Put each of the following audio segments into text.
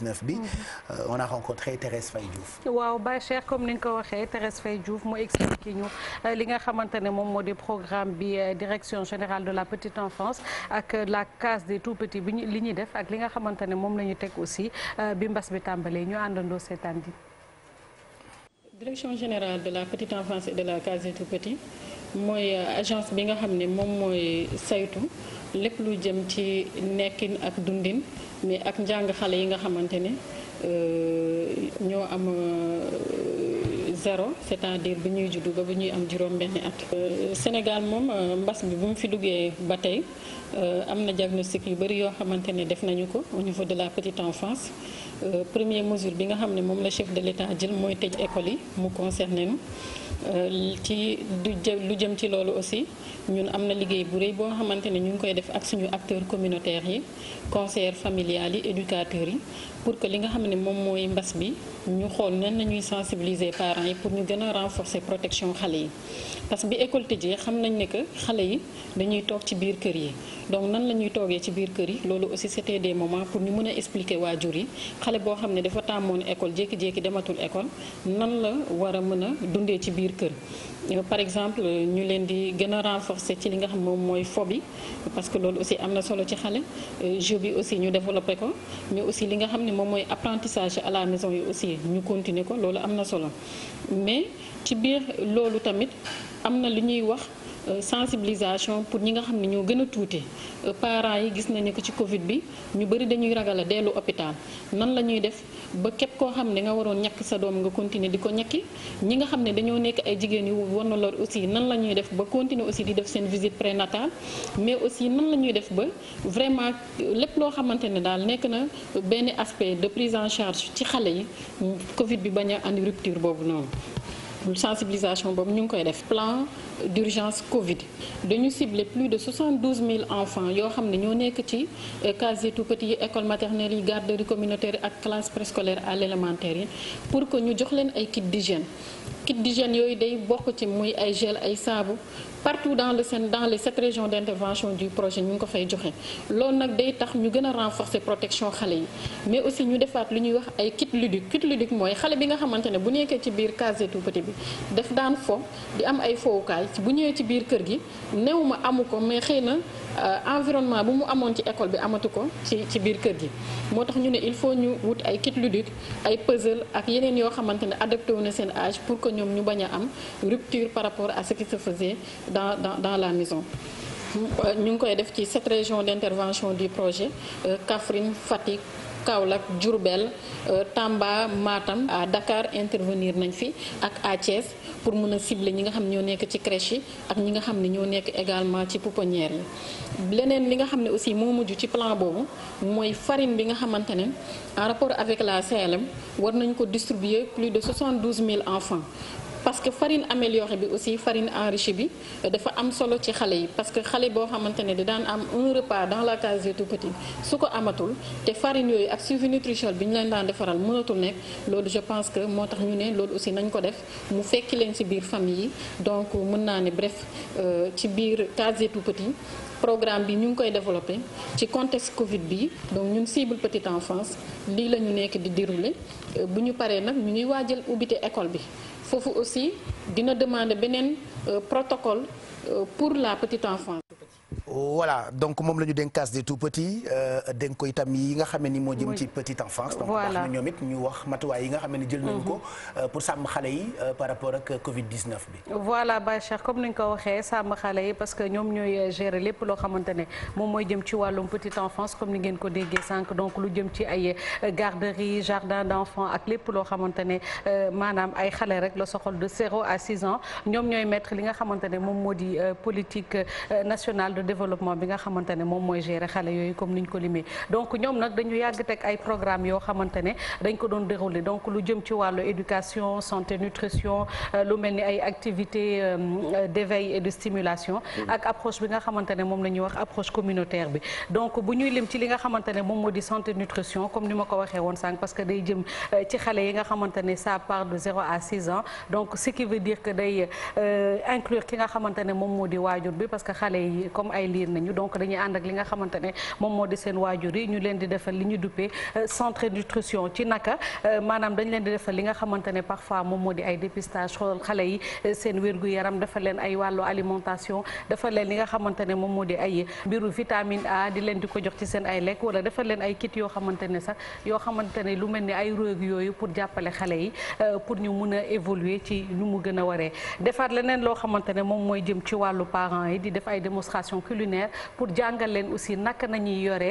2019 bi. Euh, waaw Ba Cheikh comme ni nga ko waxee Thérèse Faye euh, li nga xamante ne moom moo di programme bi euh, direction générale de la petite enfance ak la case de tout petits bi ñu li ñuy def ak li nga xamante ne moom la ñu teg aussi bi mbas bi tàmbalee ñu àndandoo seetaan di. direction générale de la petite enfance et de la case des tout petits. mooy euh, agence bi nga xam ne moom mooy saytu lépp lu jëm ci nekkin ak dundin mais ak njàng xale yi nga xamante ne euh, ñoo am euh, zéro c'est-à-dire bi ñuy juddu ba bu ñuy am juróom-benni at. Sénégal moom mbas bi bu mu fi duggee ba tey am na diagnostic yu bëri yoo xamante ne def nañu ko au niveau de la petite fance première mesure bi nga xam ne moom la chef de l'État jël mooy tëj école yi mu concerné nu Euh, ci du lu jëm ci loolu aussi ñun am na liggéey bu rëy boo xamante ne ñu ngi koy def ak suñu acteur communautaires yi conseillers familiales yi éducateurs yi pour que li nga xam ne moom mooy mbas bi ñu xool nan la ñuy sensibiliser parents yi pour ñu gën a renforcer protection xale yi parce que bi école tëjee xam nañ ne que xale yi dañuy toog ci biir kër yi donc nan la ñuy toogee ci biir kër yi loolu aussi c'était des moment pour ñu mën a expliquer waajur yi xale boo xam ne dafa tàmmoon école jékki-jékki dematul école nan la war a mën a dundee ci biir kër par exemple ñu leen di gën a renforcer ci li nga xam moom mooy fo bi parce que loolu aussi am na solo ci xale jeu bi aussi ñu développer ko moom mooy apprentissage à la maison yi aussi ñu continuer ko loolu am na solo mais ci biir loolu tamit am na li ñuy wax Euh, sensibilisation pour ñi nga xam ne ñoo gën a tuuti euh, parent yi gis nañu ko ci Covid bi ñu bëri dañuy ragal dellu hôpital nan la ñuy def ba képp koo xam ne nga waroon ñàkk sa doom nga continuer di ko ñàkki ñi nga xam ne dañoo nekk ay jigéen yu war na lor aussi nan lañuy def ba continuer aussi di def seen visite prénatale mais aussi nan la ñuy def ba vraiment euh, lépp loo xamante ne daal nekk na benn aspect de prise en charge ci xale yi Covid bi bañ a andi boobu noonu sensibilisation boobu ñu ngi koy def d'urgence Covid dañu ciblé plus de 72 000 enfants yoo xam ne ñoo nekk ci euh, case tout petit yi école maternelle yi garderie communautaire ak classe préscolaire à l'élémentaire yi pour que ñu jox leen ay kit d'hygiène kit d'hygiène yooyu day bokk ci muy ay gel ay saabu partout dans le seen dans les sept régions d'intervention du projet ñu ngi ko fay joxe loolu nag day tax ñu gën a renforcer protection xale yi mais aussi ñu defaat lu ñuy wax ay kit ludique kit ludique mooy xale bi nga xamante ne bu nekkee ci biir case tout petit bi daf daan ay fowukaay daal bu ñëwee ci biir kër gi néew ma amu ko mais xëy na euh, environnement bu mu amoon ci école bi amatu ko ci ci biir kër gi. moo tax ñu ne il faut ñu wut ay kit ludique ay puzzle ak yeneen yoo xamante ne adapté wu na seen âge pour que ñoom ñu bañ a am rupture par rapport à ce qui se faisait dans dans dans la maison. Euh, ñu ngi koy def ci sept régions d'intervention du projet euh, Kaffrine Fatick. Kaolack Diourbel euh, Tamba Matam à Dakar intervenir nañ fi ak à pour mën a cibler ñi nga xam ne ñoo nekk ci crèche yi ak ñi nga xam ne ñoo nekk également ci pouponnière yi leneen li nga xam ne aussi moo mujj ci plan boobu mooy farine bi nga xamante ne en rapport avec la CLM war nañ ko distribuer plus de 72 000 enfants parce que farine améliorée bi aussi farine enrichie bi dafa am solo ci xale yi parce que xale boo xamante ne da daan am un repas dans la case des tout-petits su ko amatul te farine yooyu ak suivi nutritionnel bi ñu leen daan defaral mënatul nekk loolu je pense que moo tax ñu ne loolu aussi nañ ko def mu fekki leen ci biir famille yi donc mën naa ne bref euh, ci biir case des tout-petits programme bi ñu ngi koy développé ci contexte Covid bi donc ñun cible petite enfance lii la ñu nekk di dérouler euh, bu ñu paree nag ñu ngi waajal ubbite école bi foofu aussi dina demande beneen euh, protocole euh, pour la petite enfance voilà donc moom la ñu dénk case des tout petits euh, dénk ko itam petite enfance donc baax na ñoom ñu wax matuwaay yi nga xam ne jël nañu ko mhm. euh, pour sàmm xale yi euh, par rapport ak Covid 19 bi. voilà Baye Cheikh comme ni ñu ko waxee sàmm xale yi parce que ñoom ñooy gérer lépp loo xamante moom mooy jëm ci wàllum petite enfance comme ni ngeen ko déggee sànq donc lu jëm ci ay garderie jardin d' ak lépp loo xamante maanaam ay xale rek la soxal de 0 à 6 ans ñoom ñooy mettre développement bi nga xamante ne moom mooy gérer xale yooyu comme ni ñu ko limee donc ñoom nag dañu yàgg teg ay programme yoo xamante ne dañ ko doon déroulé donc lu jëm ci wàllu éducation santé nutrition euh, lu mel ni ay activités euh, euh, d'éveil et de stimulation ak approche bi nga xamante ne moom la ñuy wax approche communautaire bi donc bu ñuy lim ci li nga xamante moom moo di santé nutrition comme ni ma ko waxee woon sànq parce que day jëm ci xale yi nga xamante ne ça part de liir nañu donc dañuy ànd ak li nga xamante moom moo di seen waajur yi ñu leen di defal li ñu duppee euh, centre nutrition ci naka euh, maanaam dañ leen di defal li nga xamante ne parfois moom moo di ay dépistage xool xale yi euh, seen wérgu yaram defal leen ay wàllu alimentation defal leen li nga xamante ne moom moo di ay mbiru vitamine A di leen di ko jox ci seen ay lekk wala defal leen ay kit yoo xamante ne sax yoo xamante ne lu mel ni ay roog yooyu pour jàppale xale yi pour ñu mun a évoluer ci ñu mu gën a waree lunaire pour jàngal leen aussi naka nañuy yore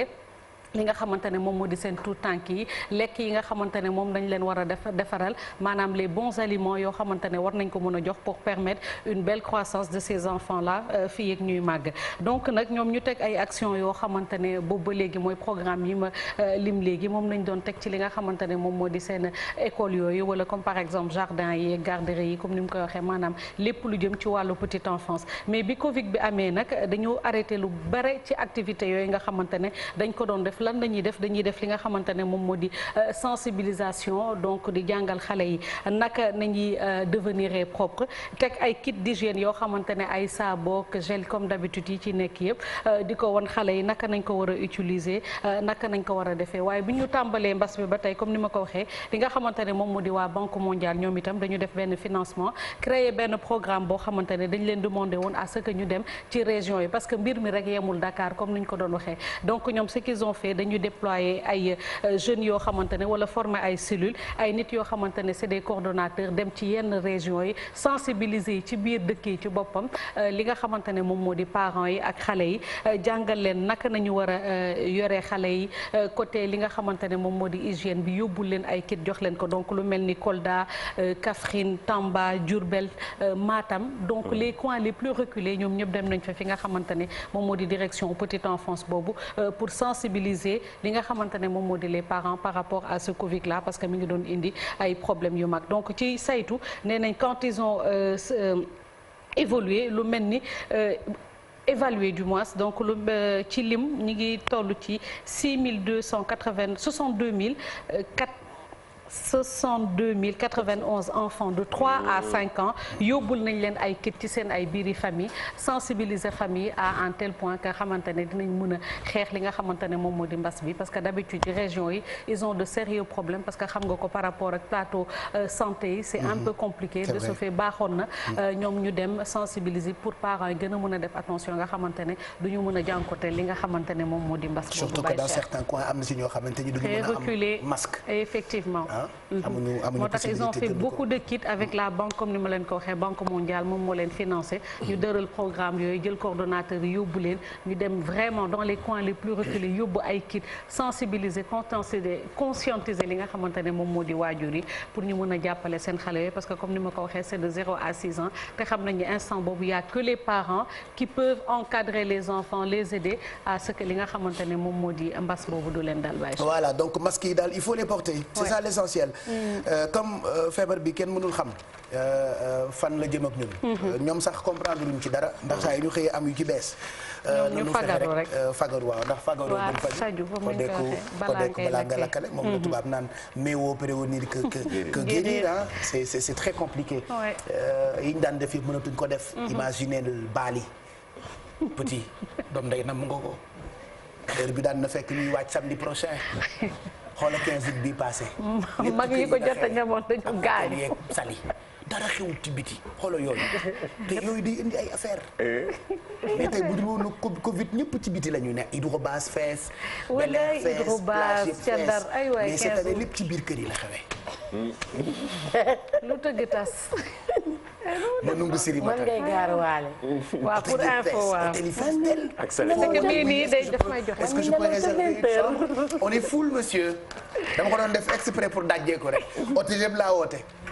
li nga xamante ne moom moo di seen tout tànk yi lekk yi nga xamante ne moom dañ leen war a def defaral maanaam les bons aliments yoo xamante ne war nañ ko mën a jox pour permettre une belle croissance de ces enfants là euh, fii ak ñuy màgg donc nag ñoom ñu teg ay action yoo xamante ne boobu ba léegi mooy programme yi ma euh, lim léegi moom lañ doon teg ci li nga xamante ne moom moo di seen école yooyu wala comme par exemple jardin yi garderie yi comme ni mu koy waxee maanaam lépp lu jëm ci wàllu petite enfance mais bi Covid bi amee nag dañoo arrêté lu bare ci activité yooyu nga xamante ne dañ ko doon def lan la ñuy def dañuy def li nga xamante ne moom moo di euh, sensibilisation donc di jàngal xale yi naka nañuy euh, devenir propre teg ay kit d'hygiène yoo xamante ne ay saaboog gel comme d'habitude yi ci nekk yëpp euh, di ko won xale yi naka nañ ko war a utiliser naka nañ ko war a defee waaye bi ñu tàmbalee mbas bi ba tey comme ni ma ko waxee li nga xamante ne moom moo di waa Banque mondiale ñoom itam dañu def benn financement créer benn programme boo xamante ne dañ leen demandé woon à que ñu dem ci région yi parce que mbir mi rek yemul Dakar comme ni ñu ko doon waxee ne dañu déployer ay euh, jeunes yoo xamante ne wala former ay cellules ay nit yoo xamante ne c'est des coordonnateurs dem ci yenn région yi sensibiliser yi ci biir dëkk yi ci boppam euh, li nga xamante ne moom moo di parents yi ak xale yi euh, jàngal leen naka nañu war a yore xale yi côté li nga xamante ne moom moo di hygiène bi yóbbul leen ay kit jox leen ko donc lu mel ni Kolda Kaffrine Tamba Diourbel Matam donc mmh. les coins les plus reculés ñoom ñëpp dem nañ fa fi nga xamante ne moom moo di direction petite enfance boobu pour sensibiliser sensibiliser li nga xamante ne moom moo di par rapport à ce Covid là parce que mi ngi doon indi ay problèmes yu mag donc ci saytu nee nañ quand ils ont euh, euh lu mel ni. Euh, évalué du mois donc lu euh, ci lim ñi ngi toll ci vingt 6280 62000 4 62 091 enfants de 3 à 5 ans yóbbul nañ leen ay kit ci seen ay biiri famille sensibiliser famille à un tel point que xamante ne dinañ mën a xeex li nga xamante ne moom moo di mbas bi parce que d'habitude région yi ils ont de sérieux problèmes parce que xam nga ko par rapport a plateau euh, santé yi c'est un mhm. peu compliqué de ce fait baaxoon na mhm. euh, ñoom ñu dem sensibiliser pour parents yi gën a mën a def attention nga xamante ne du ñu mën a jànkote li nga xamante ne moom moo di mbas surtout que dans certains coins ni duñu ah. amuñu amuñu possibilité moo tax ils ont fait beaucoup de kits avec la banque comme ni ma leen ko waxee banque mondiale moom moo leen financé. ñu dëral programme yooyu jël coordonnateur yóbbu leen ñu dem vraiment dans les coins les plus reculés yóbbu ay kits sensibiliser conscientiser nga xamante ne moom moo di waajur yi pour ñu mën a jàppale seen xale yooyu parce que comme ni ma ko waxee c'est de zéro à six ans te xam nañu instant boobu y que les parents qui peuvent encadrer les enfants les aider à ce que li nga xamante ne moom moo di mbas boobu du leen daal essentiel. Mm. Euh, comme euh, feebar bi kenn mënul xam euh, fan la jëm ak ñun. Mm-hmm. ñoom sax comprendre luñ ci dara ndax mm-hmm. saa yi ñu xëyee am yu ci bees. ñu fagaru rek fagaru waaw ndax fagaru. waaw saju ba muy ko balaa nga lakkale moom la mm-hmm. tubaab naan mieux prévenir que que guérir ah c'est c'est très compliqué. yiñ daan def yëpp mënatuñ ko def. imaginer baali petit doom day nam nga ko heure bi daan na fekk ñuy wàcc samedi prochain. xoolal 15 août bii passé. mag yi ko jot a ñamoon dañu gaañu sali dara xewut ci biti xoolal yooyu te yooyu day indi ay affaire mais tey bu dul woon Covid ñëpp ci biti la ñu ne Hydrobase fees. wala Hydrobase Cendar ay waay mais cette année lépp ci biir kër yi la xewee. lu tëgg tas. ma nungu siri ma ngay gaaruwaale. waa pour info waaw ak daf may joxe. on est full monsieur. dama ko doon def exprès pour dajee ko rek. oto yëpp laa woote.